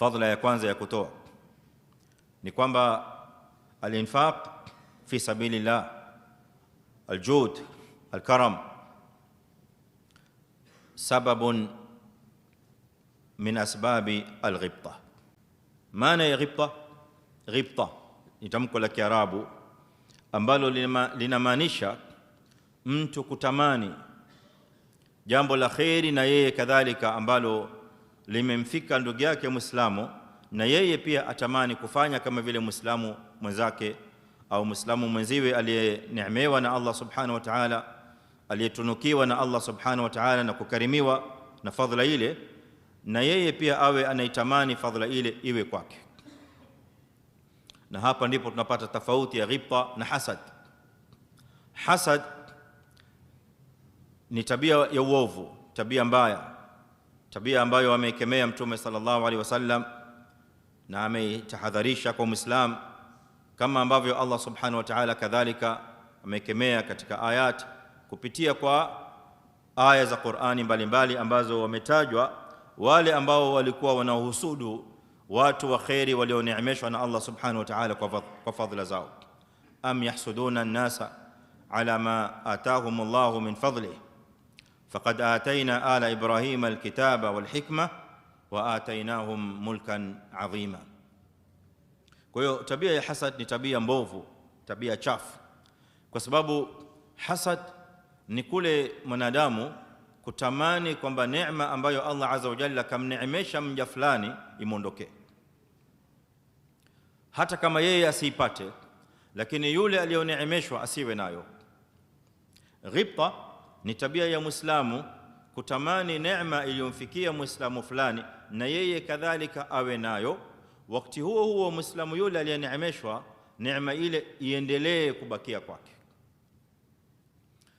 Fadhila ya kwanza ya kutoa ni kwamba alinfaq fi sabilillah, aljud, alkaram sababun min asbabi alghibta. Maana ya ghibta, ghibta ni tamko la Kiarabu ambalo linamaanisha mtu kutamani jambo la kheri na yeye kadhalika ambalo limemfika ndugu yake Mwislamu na yeye pia atamani kufanya kama vile Mwislamu mwenzake au Mwislamu mwenziwe aliyenemewa na Allah subhanahu wa ta'ala, aliyetunukiwa na Allah subhanahu wa ta'ala na kukarimiwa na fadhila ile, na yeye pia awe anaitamani fadhila ile iwe kwake. Na hapa ndipo tunapata tofauti ya ghibta na hasad. Hasad ni tabia ya uovu, tabia mbaya tabia ambayo ameikemea Mtume sallallahu alaihi wasallam na ameitahadharisha kwa Muislamu, kama ambavyo Allah subhanahu wa ta'ala kadhalika amekemea katika ayat kupitia kwa aya za Qur'ani mbalimbali ambazo wametajwa wale ambao walikuwa wanaohusudu watu wa kheri walioneemeshwa na Allah subhanahu wa ta'ala kwa fadhila zao, am yahsuduna an-nasa ala ma atahum Allahu min fadlihi فقد آتينا آل إبراهيم الكتاب والحكمة وآتيناهم mulkan عظيما kwa hiyo tabia ya hasad ni tabia mbovu, tabia chafu, kwa sababu hasad ni kule mwanadamu kutamani kwamba neema ambayo Allah azza wa jalla kamneemesha mja fulani imwondokee, hata kama yeye asiipate, lakini yule aliyoneemeshwa asiwe nayo. Ghibta ni tabia ya Muislamu kutamani neema iliyomfikia Muislamu fulani na yeye kadhalika awe nayo. Wakati huo huo Muislamu yule aliyeneemeshwa, neema ile iendelee kubakia kwake.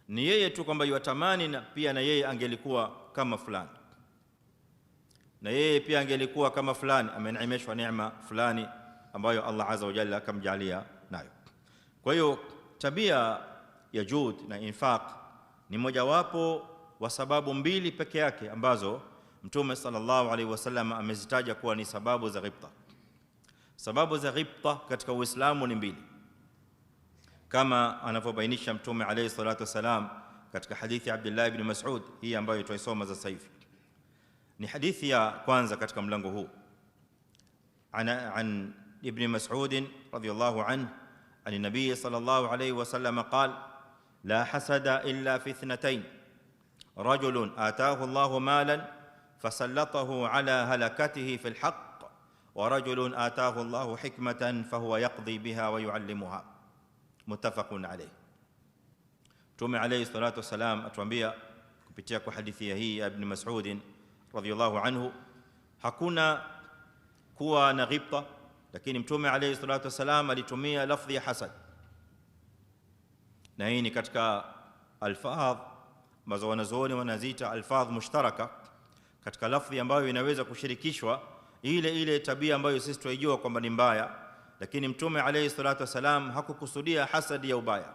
Ni yeye tu kwamba yuatamani, na pia na yeye angelikuwa kama fulani, na yeye pia angelikuwa kama fulani, ameneemeshwa neema fulani ambayo Allah azza wa jalla akamjalia nayo. Kwa hiyo tabia ya jud na infaq ni mojawapo wa sababu mbili peke yake ambazo Mtume sallallahu alaihi wasallam amezitaja kuwa ni sababu za ghibta. Sababu za ghibta katika Uislamu ni mbili, kama anavyobainisha Mtume alaihi salatu wasalam katika hadithi ya Abdullah ibn Mas'ud hii ambayo twaisoma sasa hivi. Ni hadithi ya kwanza katika mlango huu ana an ibn Mas'ud radhiyallahu anhu an nabii sallallahu alaihi wasallam qala لا حسد الا في اثنتين رجل اتاه الله مالا فسلطه على هلكته في الحق ورجل اتاه الله حكمه فهو يقضي بها ويعلمها متفق عليه تومي عليه الصلاه والسلام اتوambia kupitia kwa hadithi hii ya ibn mas'ud radhiyallahu anhu hakuna kuwa na ghibta lakini عليه الصلاه والسلام alitumia لفظي حسد na hii ni katika alfadh ambazo wanazuoni wanaziita alfadh mushtaraka, katika lafdhi ambayo inaweza kushirikishwa ile ile tabia ambayo sisi tunaijua kwamba ni mbaya, lakini Mtume alayhi salatu wasalam hakukusudia hasadi ya ubaya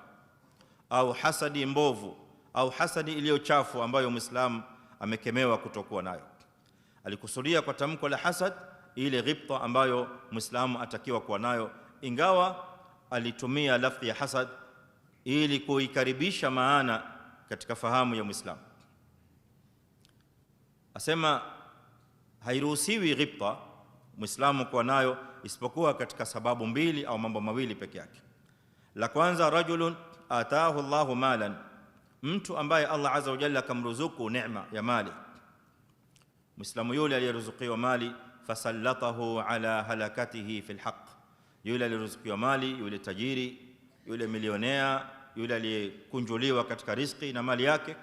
au hasadi mbovu au hasadi iliyo chafu ambayo Muislamu amekemewa kutokuwa nayo. Alikusudia kwa tamko la hasad ile ghibta ambayo Muislamu atakiwa kuwa nayo, ingawa alitumia lafdhi ya hasad ili kuikaribisha maana katika fahamu ya Muislamu. Asema hairuhusiwi ghibta Muislamu kuwa nayo isipokuwa katika sababu mbili au mambo mawili peke yake. La kwanza, rajulun atahu Allahu malan, mtu ambaye Allah azza wa jalla akamruzuku neema ya mali. Muislamu yule aliyeruzukiwa mali, fasallatahu ala halakatihi fil haqq, yule aliyeruzukiwa mali, yule tajiri, yule milionea yule aliyekunjuliwa katika riziki na mali yake,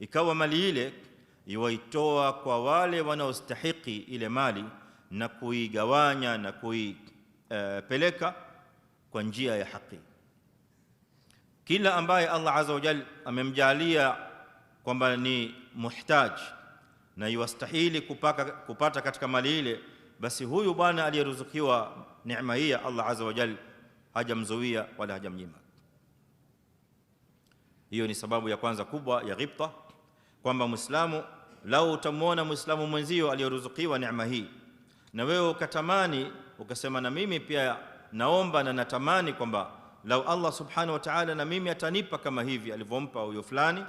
ikawa mali ile iwaitoa kwa wale wanaostahiki ile mali na kuigawanya na kuipeleka kwa njia ya haki. Kila ambaye Allah azza wa jalla amemjalia kwamba ni muhtaji na iwastahili kupaka, kupata katika mali ile, basi huyu bwana aliyeruzukiwa neema hii ya Allah azza wa jalla hajamzuia wala hajamnyima. Hiyo ni sababu ya kwanza kubwa ya ghibta, kwamba Muislamu lau utamwona Muislamu mwenzio aliyoruzukiwa neema hii na wewe ukatamani ukasema, na mimi pia naomba na natamani kwamba lau Allah subhanahu wa ta'ala na mimi atanipa kama hivi alivyompa huyo fulani,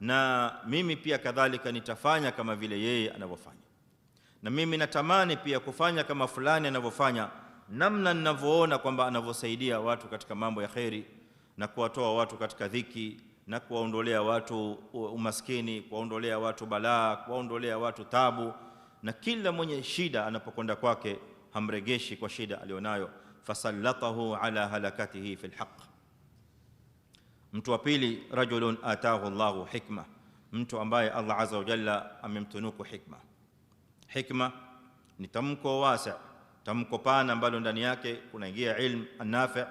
na mimi pia kadhalika nitafanya kama vile yeye anavyofanya, na mimi natamani pia kufanya kama fulani anavyofanya, namna ninavyoona kwamba anavyosaidia watu katika mambo ya kheri na kuwatoa watu katika dhiki na kuwaondolea watu umaskini, kuwaondolea watu balaa, kuwaondolea watu tabu, na kila mwenye shida anapokwenda kwake hamregeshi kwa shida aliyonayo. Fasallatahu ala halakatihi fil haqq. Mtu wa pili, rajulun atahu Allahu hikma, mtu ambaye Allah azza wa jalla amemtunuku hikma. Hikma ni tamko wasi, tamko pana ambalo ndani yake kunaingia ilmu anafi,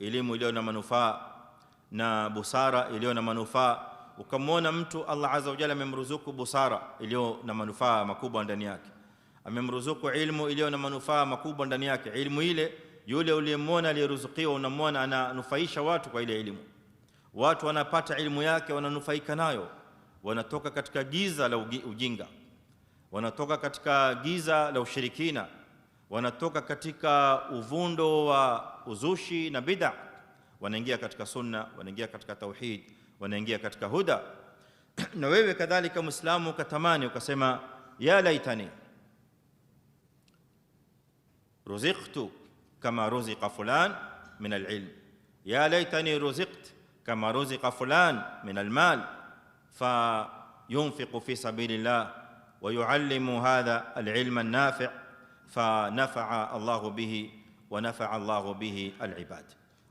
elimu iliyo na manufaa na busara iliyo na manufaa. Ukamwona mtu Allah azza wa jalla amemruzuku busara iliyo na manufaa makubwa ndani yake, amemruzuku ilmu iliyo na manufaa makubwa ndani yake. Ilmu ile yule uliyemwona aliyeruzukiwa, unamwona ananufaisha watu kwa ile ilmu watu wanapata ilmu yake, wananufaika nayo, wanatoka katika giza la ujinga, wanatoka katika giza la ushirikina, wanatoka katika uvundo wa uzushi na bid'a wanaingia katika sunna wanaingia katika tauhid wanaingia katika huda na wewe kadhalika muislamu ukatamani ukasema ya laitani ruziqtu kama ruziqa fulan min alilm ya laitani ruziqt kama ruziqa ruziqtu كما رزق فلان من المال فينفق في سبيل الله ويعلم هذا العلم النافع فنفع الله به ونفع الله به العباد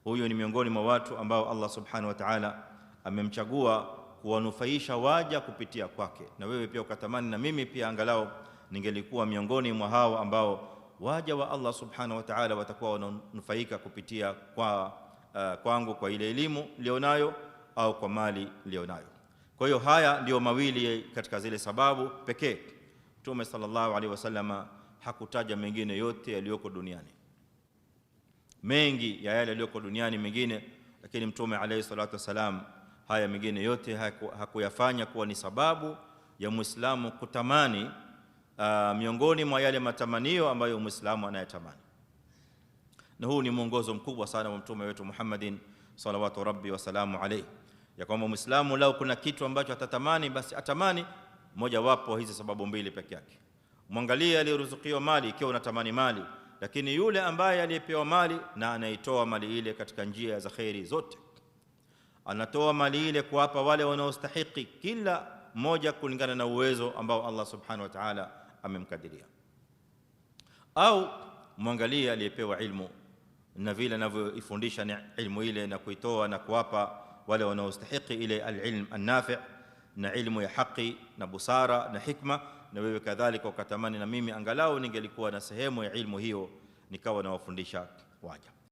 Huyu ni miongoni mwa watu ambao Allah subhanahu wa ta'ala amemchagua kuwanufaisha waja kupitia kwake, na wewe pia ukatamani, na mimi pia angalau ningelikuwa miongoni mwa hao ambao waja wa Allah subhanahu wa ta'ala watakuwa wananufaika kupitia kwa uh, kwangu kwa ile elimu nilionayo au kwa mali nilionayo. Kwa hiyo haya ndiyo mawili katika zile sababu pekee. Mtume sallallahu alaihi wasallama hakutaja mengine yote yaliyoko duniani mengi ya yale yaliyoko duniani mengine, lakini Mtume alayhi salatu wassalam haya mengine yote hakuyafanya kuwa ni sababu ya Muislamu kutamani uh, miongoni mwa yale matamanio ambayo Muislamu anayatamani. Na huu ni mwongozo mkubwa sana wa Mtume wetu Muhammadin salawatu rabbi wasalamu alayhi, ya kwamba Muislamu lau kuna kitu ambacho atatamani basi atamani mojawapo hizi sababu mbili peke yake. Mwangalie aliyeruzukiwa mali, ikiwa unatamani mali lakini yule ambaye aliyepewa mali na anaitoa mali ile katika njia za kheri zote, anatoa mali ile kuwapa wale wanaostahiki, kila mmoja kulingana na uwezo ambao Allah subhanahu wa ta'ala amemkadiria. Au mwangalie aliyepewa ilmu na vile anavyoifundisha ni ilmu ile na kuitoa na kuwapa wale wanaostahiki ile alilm annafi, na ilmu ya haki na busara na hikma na wewe kadhalika ukatamani na mimi angalau ningelikuwa na sehemu ya ilmu hiyo, nikawa nawafundisha waja.